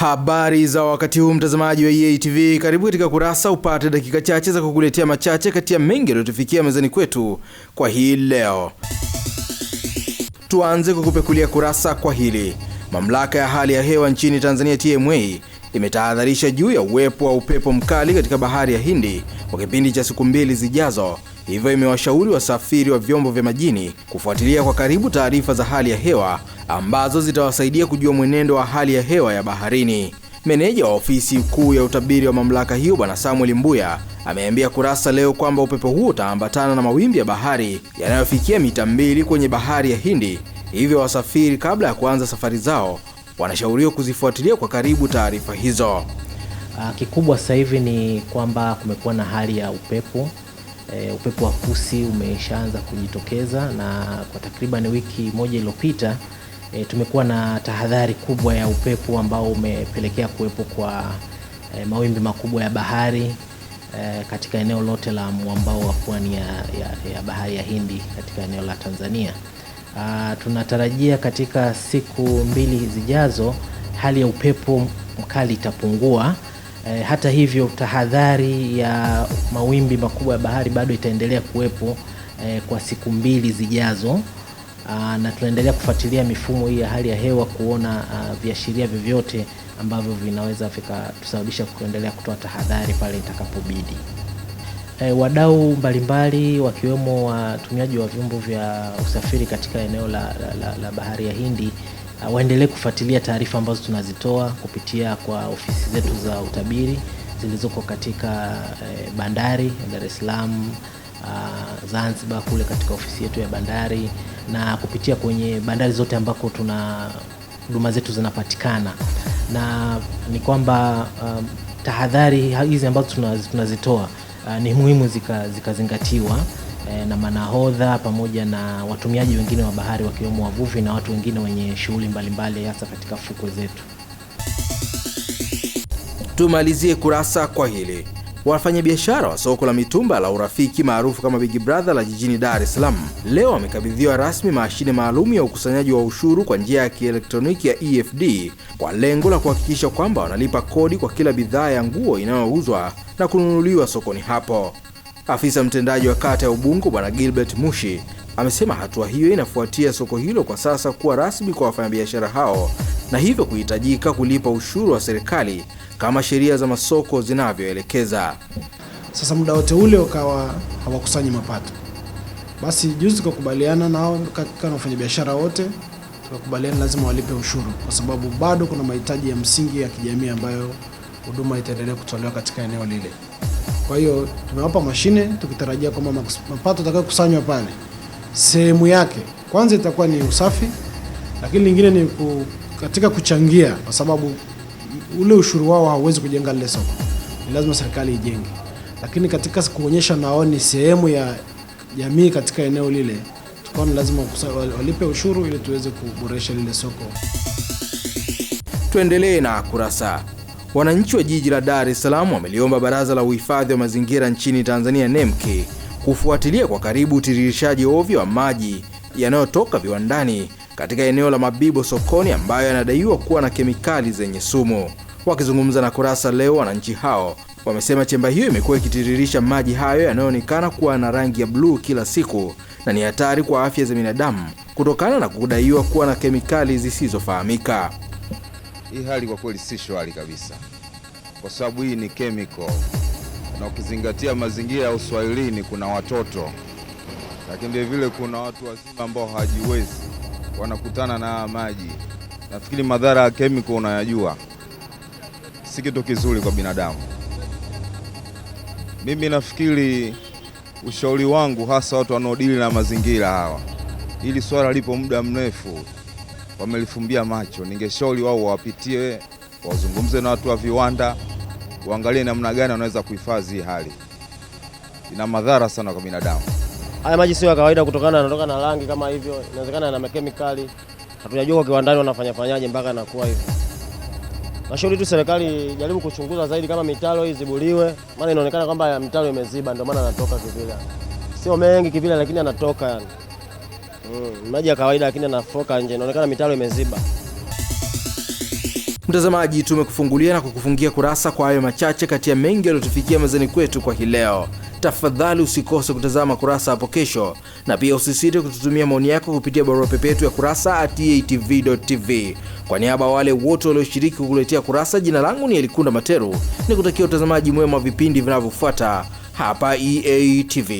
Habari za wakati huu mtazamaji wa EA TV, karibu katika Kurasa upate dakika chache za kukuletea machache kati ya mengi yaliyotufikia mezani kwetu kwa hii leo. Tuanze kukupekulia kurasa kwa hili. Mamlaka ya hali ya hewa nchini Tanzania TMA imetahadharisha juu ya uwepo wa upepo mkali katika bahari ya Hindi kwa kipindi cha siku mbili zijazo, hivyo imewashauri wasafiri wa vyombo vya majini kufuatilia kwa karibu taarifa za hali ya hewa ambazo zitawasaidia kujua mwenendo wa hali ya hewa ya baharini. Meneja wa ofisi kuu ya utabiri wa mamlaka hiyo Bwana Samuel Mbuya ameambia Kurasa leo kwamba upepo huo utaambatana na mawimbi ya bahari yanayofikia mita mbili kwenye bahari ya Hindi, hivyo wasafiri kabla ya kuanza safari zao wanashauriwa kuzifuatilia kwa karibu taarifa hizo. Ah, kikubwa sasa hivi ni kwamba kumekuwa na hali ya upepo e, upepo wa kusi umeshaanza kujitokeza na kwa takriban wiki moja iliyopita e, tumekuwa na tahadhari kubwa ya upepo ambao umepelekea kuwepo kwa e, mawimbi makubwa ya bahari e, katika eneo lote la mwambao wa pwani ya, ya, ya bahari ya Hindi katika eneo la Tanzania. Uh, tunatarajia katika siku mbili zijazo hali ya upepo mkali itapungua. E, hata hivyo tahadhari ya mawimbi makubwa ya bahari bado itaendelea kuwepo e, kwa siku mbili zijazo. Aa, ah, na tunaendelea kufuatilia mifumo hii ya hali ya hewa kuona uh, viashiria vyovyote ambavyo vinaweza vikatusababisha kuendelea kutoa tahadhari pale itakapobidi e, wadau mbalimbali wakiwemo watumiaji wa vyombo vya usafiri katika eneo la, la, la, la Bahari ya Hindi ah, waendelee kufuatilia taarifa ambazo tunazitoa kupitia kwa ofisi zetu za utabiri zilizoko katika e, bandari Dar es Salaam ah, Zanzibar kule katika ofisi yetu ya bandari na kupitia kwenye bandari zote ambako tuna huduma zetu zinapatikana, na ni kwamba um, tahadhari hizi ambazo tunazitoa uh, ni muhimu zikazingatiwa zika eh, na manahodha pamoja na watumiaji wengine wa bahari wakiwemo wavuvi na watu wengine wenye shughuli mbalimbali hasa katika fukwe zetu. Tumalizie Kurasa kwa hili. Wafanyabiashara wa soko la mitumba la Urafiki maarufu kama Big Brother la jijini Dar es Salaam leo wamekabidhiwa rasmi mashine maalum ya ukusanyaji wa ushuru kwa njia ya kielektroniki ya EFD kwa lengo la kuhakikisha kwamba wanalipa kodi kwa kila bidhaa ya nguo inayouzwa na kununuliwa sokoni hapo. Afisa mtendaji wa kata ya Ubungo Bwana Gilbert Mushi amesema hatua hiyo inafuatia soko hilo kwa sasa kuwa rasmi kwa wafanyabiashara hao na hivyo kuhitajika kulipa ushuru wa serikali kama sheria za masoko zinavyoelekeza. Sasa muda wote ule ukawa hawakusanyi mapato, basi juzi tukakubaliana nao na wafanyabiashara wote tukakubaliana lazima walipe ushuru, kwa sababu bado kuna mahitaji ya msingi ya kijamii ambayo huduma itaendelea kutolewa katika eneo lile. Kwa hiyo tumewapa mashine tukitarajia kwamba mapato atakayokusanywa pale sehemu yake kwanza itakuwa ni usafi, lakini lingine ni katika kuchangia, kwa sababu ule ushuru wao hauwezi kujenga lile soko, ni lazima serikali ijenge. Lakini katika kuonyesha nao ni sehemu ya jamii katika eneo lile, ni lazima walipe ushuru ili tuweze kuboresha lile soko. Tuendelee na Kurasa. Wananchi wa jiji la Dar es Salaam wameliomba Baraza la Uhifadhi wa Mazingira nchini Tanzania NEMC kufuatilia kwa karibu utiririshaji ovyo wa maji yanayotoka viwandani katika eneo la Mabibo sokoni, ambayo yanadaiwa kuwa na kemikali zenye sumu. Wakizungumza na Kurasa Leo, wananchi hao wamesema chemba hiyo imekuwa ikitiririsha maji hayo yanayoonekana kuwa na rangi ya bluu kila siku na ni hatari kwa afya za binadamu kutokana na kudaiwa kuwa na kemikali zisizofahamika. Hii hali kwa kweli si shwari kabisa, kwa sababu hii ni chemical, na ukizingatia mazingira ya uswahilini kuna watoto, lakini vilevile kuna watu wazima ambao hawajiwezi wanakutana na maji. Nafikiri madhara ya kemiko unayajua, si kitu kizuri kwa binadamu. Mimi nafikiri ushauri wangu hasa watu wanaodili na mazingira hawa, hili swala lipo muda mrefu wamelifumbia macho. Ningeshauri wao wawapitie, wazungumze na watu wa viwanda, waangalie namna gani wanaweza kuhifadhi hii hali. Ina madhara sana kwa binadamu. Haya maji sio ya kawaida, kutokana yanatoka na rangi kama hivyo, inawezekana yana kemikali, hatujajua kwa kiwandani wanafanya fanyaje mpaka yanakuwa hivyo. Nashauri tu serikali jaribu kuchunguza zaidi kama mitaro hii zibuliwe, maana inaonekana kwamba mitaro imeziba, ndio maana anatoka kivile, sio mengi kivile, lakini anatoka yani. Mm, maji ya kawaida lakini anafoka nje, inaonekana mitaro imeziba. Mtazamaji, tumekufungulia na kukufungia kurasa kwa hayo machache kati ya mengi yaliyotufikia mezani kwetu kwa hii leo. Tafadhali usikose kutazama kurasa hapo kesho, na pia usisite kututumia maoni yako kupitia barua pepe yetu ya kurasa at eatv.tv. Kwa niaba wale wote walioshiriki kukuletea kurasa, jina langu ni Elikunda Materu, ni kutakia utazamaji mwema wa vipindi vinavyofuata hapa EATV.